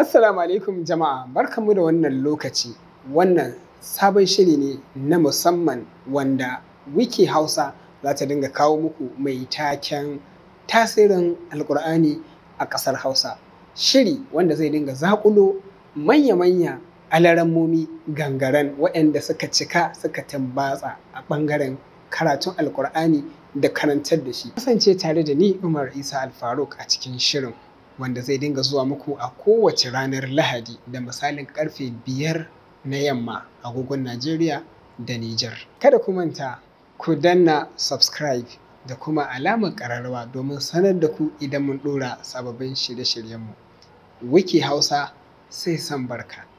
Assalamu alaikum jama'a barkamu da wannan lokaci wannan sabon shiri ne na musamman wanda wiki hausa za ta dinga kawo muku mai taken tasirin alkur'ani a ƙasar hausa shiri wanda zai dinga zaƙulo manya-manya alarammomi gangaren waɗanda suka cika suka tambatsa a ɓangaren karatun alkur'ani da karantar da shi kasance tare da ni umar isa alfaruk a cikin shirin wanda zai dinga zuwa muku a kowace ranar Lahadi da misalin karfe biyar na yamma a agogon Najeriya da Nijar. Kada ku manta ku danna subscribe da kuma alamar ƙararrawa domin sanar da ku idan mun ɗora sababbin shirye-shiryenmu. Wiki Hausa sai san barka.